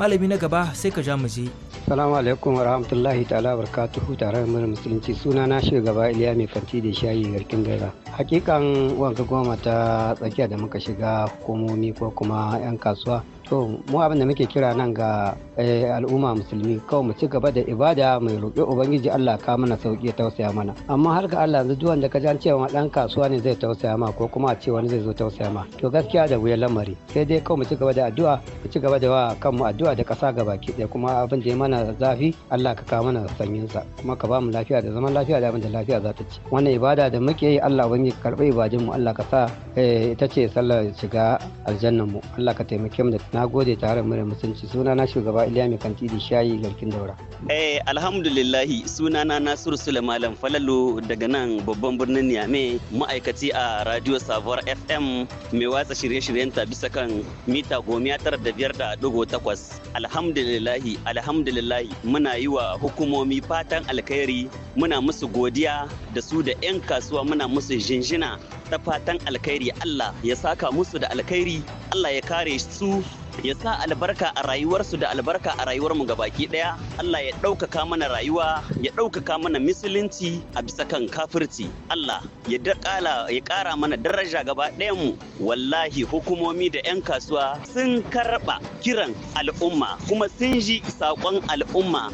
Speaker 7: Malami na gaba sai ka ja mu je.
Speaker 10: Salamu alaikum wa rahmatullahi ta'ala barakatuhu tare da muryar musulunci suna na gaba Iliya mai fanti da shayi garkin gaira. Hakikan wanka goma ta tsakiya da muka shiga hukumomi ko kuma 'yan kasuwa. To mu abin da muke kira nan ga Eh, al'umma musulmi kawai mu ci gaba da ibada mai roƙi ubangiji Allah ka mana sauki ya tausaya mana amma har ga Allah yanzu duk wanda ka jan cewa dan kasuwa ne zai tausaya ma ko kuma a ce wani zai zo tausaya ma to gaskiya da wuya lamari sai dai kawai mu ci gaba da addu'a mu ci gaba da wa kanmu addu'a da ƙasa gabaki ɗaya kuma abin da ya mana zafi Allah ka kawo mana sanyin sa kuma ka ba mu lafiya da zaman lafiya da abin da lafiya za ta ci wannan ibada da muke yi Allah ubangiji karɓi ibadin mu Allah ka sa eh, ita ce sallar shiga aljannan mu Allah ka taimake mu da nagode tare mu da mutunci suna na shugaba Iliya mai kanti da shayi garkin daura.
Speaker 11: Eh alhamdulillahi sunana Nasiru Malam Falalo daga nan babban birnin Niamey ma'aikaci a Radio Sabuwar FM mai watsa shirye ta bisa kan mita gomiya tara da biyar da dogo takwas. Alhamdulillahi alhamdulillahi muna yi wa hukumomi fatan alkhairi muna musu godiya da su da 'yan kasuwa muna musu jinjina ta fatan alkhairi Allah ya saka musu da alkhairi Allah ya kare su ya sa albarka a rayuwarsu da albarka a rayuwarmu gabaki daya Allah ya ɗaukaka mana rayuwa ya ɗaukaka mana musulunci a bisa kan kafirci Allah ya daƙala ya ƙara mana daraja gaba mu wallahi hukumomi da 'yan kasuwa sun karɓa kiran al'umma kuma sun ji saƙon al'umma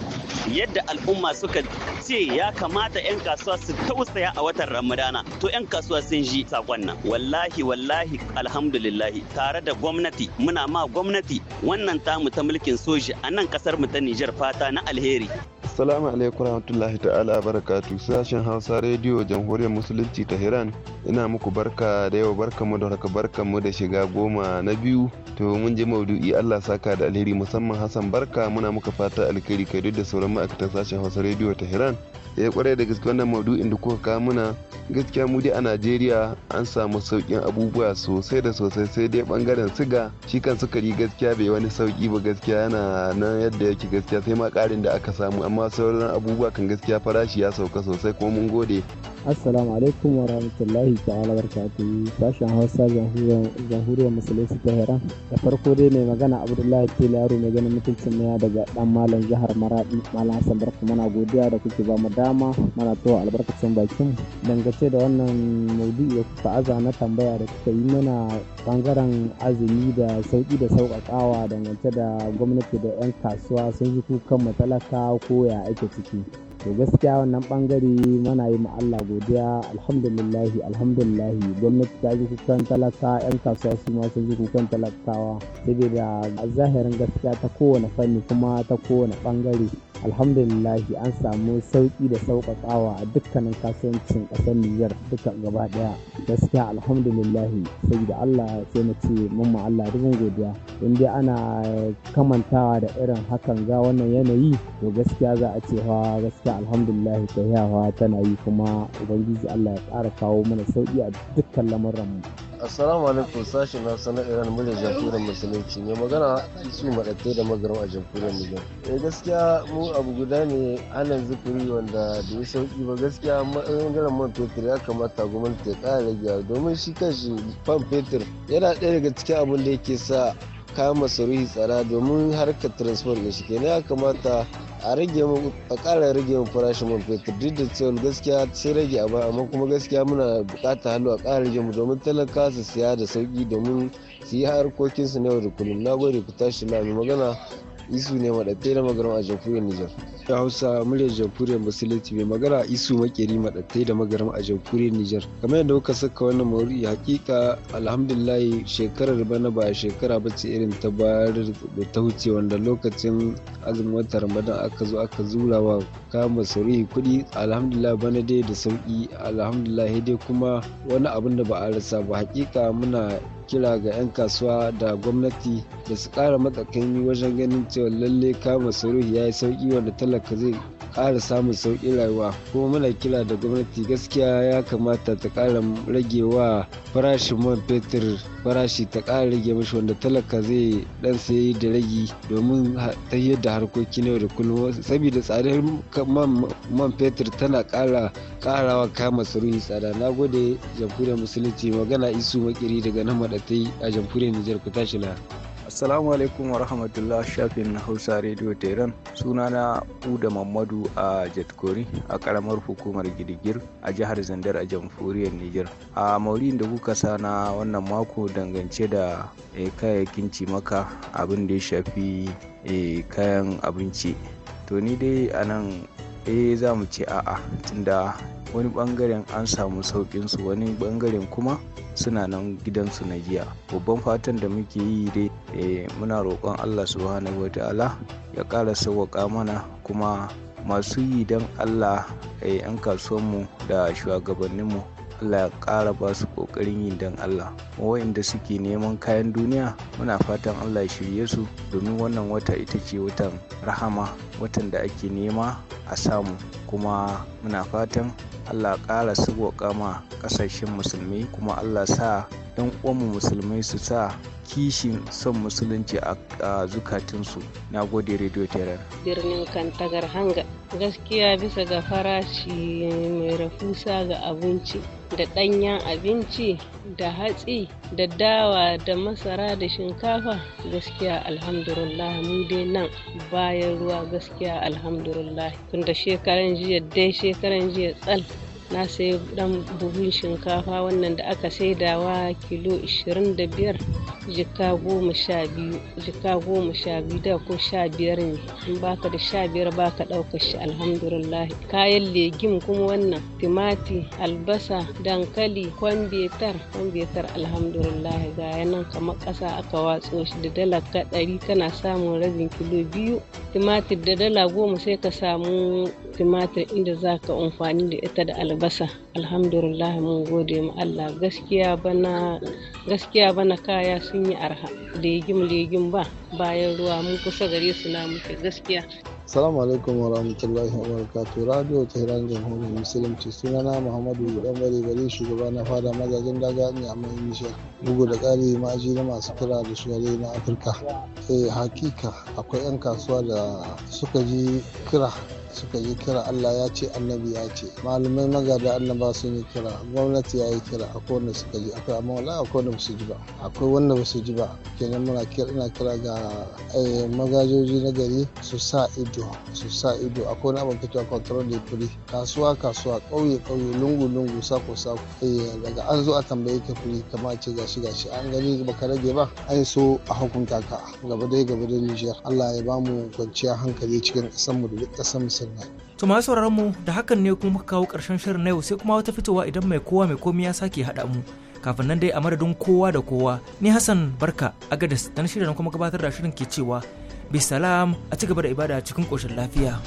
Speaker 11: yadda al'umma suka ce ya kamata 'yan kasuwa su tausaya a watan ramadana to 'yan kasuwa sun ji saƙon nan wallahi wallahi alhamdulillahi tare da gwamnati muna ma gwamnati gwamnati wannan tamu ta mulkin soji a nan kasar mu ta Nijar fata na alheri.
Speaker 12: Salamu alaikum rahmatullahi ta'ala barakatu sashen Hausa rediyo Jamhuriyar Musulunci ta Iran ina muku barka da yau barka mu da haka barka mu da shiga goma na biyu to mun je maudu'i Allah saka da alheri musamman Hassan barka muna muka fata alkhairi kai duk da sauran ma'aikatan sashen Hausa rediyo ta Iran ya eh, kwarai da gaske wannan maudu'in da kuka kawo muna gaskiya mu dai a najeriya an samu saukin abubuwa sosai da sosai sai dai bangaren siga shi kan sukari gaskiya bai wani sauki ba gaskiya yana nan yadda yake gaskiya sai ma ƙarin da aka samu amma sauran abubuwa kan gaskiya farashi ya sauka sosai kuma mun gode
Speaker 13: assalamu alaikum wa rahmatullahi ta'ala barkatuhu sashen hausa jamhuriyar musulunci ta hira da farko dai mai magana abdullahi tela yaro mai ganin mutuncin maya daga dan malam jihar maradi malam hassan barka muna godiya da kuke ba mu da dama mana to albarkacin bakin dangace da wannan maudu'i da kuka aza na tambaya da kuka yi mana bangaren azumi da sauki da sauƙaƙawa dangance da gwamnati da 'yan kasuwa sun yi kukan matalaka ko ya ake ciki to gaskiya wannan bangare mana yi ma'alla godiya alhamdulillahi alhamdulillahi gwamnati ta ji kukan talaka yan kasuwa su ma sun yi kukan talakawa saboda zahirin gaskiya ta kowane fanni kuma ta kowane bangare alhamdulillahi an samu sauki da sauƙaƙawa a dukkanin kasuwancin ƙasar Nijar duka gaba ɗaya gaskiya alhamdulillahi da Allah sai na ce mun ma Allah dubin godiya in dai ana kamantawa da irin hakan ga wannan yanayi to gaskiya za a ce fa gaskiya alhamdulillahi ta tana yi kuma ubangiji Allah ya ƙara kawo mana sauki a dukkan lamuran
Speaker 14: mu assalamu alaikum sashi na na iran murya jamhuriyar musulunci ne magana isu maɗatte da magana a jamhuriyar nijar eh gaskiya mu abu guda ne halin zikiri wanda da ya sauki ba gaskiya garan man fetur ya kamata gwamnati ta ƙara rage domin shi kanshi fan fetur yana ɗaya daga cikin abin da yake sa kayan masarufi tsara domin harkar transport ga shi kenan ya kamata a rage mu a ƙara rage mu farashin man fetur duk da cewa gaskiya sai rage a baya amma kuma gaskiya muna buƙatar halu a ƙara rage mu domin talaka su siya da sauki domin su yi harkokinsu na yau da kullum na gode ku tashi lami magana isu ne maɗatai da magaran a jamhuriyar Nijar. Ya Hausa muryar jamhuriyar Musulunci mai magana isu makeri maɗatai da magaran a jamhuriyar Nijar. Kamar yadda kuka saka wannan mawuri hakika alhamdulillah shekarar bana ba shekara ba ce irin ta bayar da ta wuce wanda lokacin azumin watan Ramadan aka zo aka zura wa kama sauri kuɗi alhamdulillah bana dai da sauki alhamdulillah dai kuma wani abin da ba a rasa ba hakika muna kira ga 'yan kasuwa da gwamnati da su ƙara yi wajen ganin cewa lalle kama masarufi ya yi sauƙi wanda talaka zai kara samun sauƙin rayuwa kuma muna kira da gwamnati gaskiya ya kamata ta kara rage wa farashin man fetur farashi ta kara rage mashi wanda talaka zai dan sayi da ragi domin ta da harkoki yau da kullum saboda tsadar man fetur tana kara ƙarawa kama masarufi tsada na gode jamhuriyar musulunci magana isu makiri daga nan yi a jamhuriyar Nijar ku tashi na. Assalamu alaikum wa
Speaker 6: rahmatullah shafin Hausa Radio Tehran sunana Uda Mamadu a Jatkori a karamar hukumar Gidigir a jihar Zandar a jamhuriyar Nijar. A maurin da kuka sana wannan mako dangance da e, kayayyakin cimaka abin da ya shafi e, kayan abinci. To ni dai anan nan eh za mu ce a'a tunda wani bangaren an samu saukin su wani bangaren kuma suna nan gidansu na jiya babban fatan da muke yi dai eh, muna roƙon allah subhanahu ta'ala ya ƙara sauwaƙa mana kuma masu yi don allah 'yan eh, mu da shugabanninmu Allah ya ƙara ba su ƙoƙarin yi don Allah. Wa'inda suke neman kayan duniya muna fatan Allah ya shirye su domin wannan wata ita ce watan rahama watan da ake nema a samu kuma muna fatan allah ƙara sauƙaƙa ma ƙasashen musulmi kuma allah sa yan uwanmu musulmai su sa kishin son musulunci a zukatunsu na gode radio terror
Speaker 15: birnin kantagar hanga gaskiya bisa ga farashi mai rafusa ga abinci da ɗanyen abinci da hatsi da dawa da masara da shinkafa gaskiya alhamdulillah mu dai nan bayan ruwa gaskiya alhamdulillah tunda shekaran jiya dai shekaran jiya tsal na sayi dan buhun shinkafa wannan da aka saidawa kilo 25 jika goma sha biyu jika goma sha biyu da ko sha biyar ne in baka da sha biyar baka ɗauka shi alhamdulillah kayan legim kuma wannan timati albasa dankali kwambetar kwambetar alhamdulillah ga yanan kamar ƙasa aka watso shi da dala ka ɗari kana samun rabin kilo biyu tumatir da dala goma sai ka samu tumatir inda za ka amfani da ita da albasa alhamdulillah mun gode mu Allah gaskiya bana gaskiya bana kaya sun yi arha legim legim ba bayan ruwa mun kusa gare su na muke gaskiya
Speaker 14: Salamu alaikum wa rahmatullahi wa barakatu Radio Tehran Jamhuriyar Musulunci sunana Muhammadu Dan Bari Gari shugaba na fada mazajen daga ne a mai Nijar. Bugu da ƙari ma'aji na masu kira da shugare na Afirka. Eh hakika akwai 'yan kasuwa da suka ji kira suka yi kira Allah ya ce annabi ya ce malamai magada annaba sun yi kira gwamnati ya yi kira akwai wanda suka ji akwai amma wala a wanda su ji ba akwai wanda ba su ji ba kenan muna kira kira ga eh, magajoji na gari su sa ido su sa ido akwai na abin cewa control da furi kasuwa kasuwa ƙauye ƙauye lungu lungu sako sako eh, daga an zo a tambayi ka kuri kamar ce gashi gashi an gani baka rage ba an so a hukunta ka gaba dai gaba dai Allah ya bamu kwanciyar hankali cikin ƙasar mu da duk ƙasar sunna
Speaker 7: to masu sauraron mu da hakan ne kuma muka kawo karshen shirin na yau sai kuma wata fitowa idan mai kowa mai komai ya sake haɗa mu kafin nan dai a madadin kowa da kowa ni Hassan Barka Agadis dan shirin kuma gabatar da shirin ke cewa bisalam a ci gaba da ibada cikin koshin lafiya.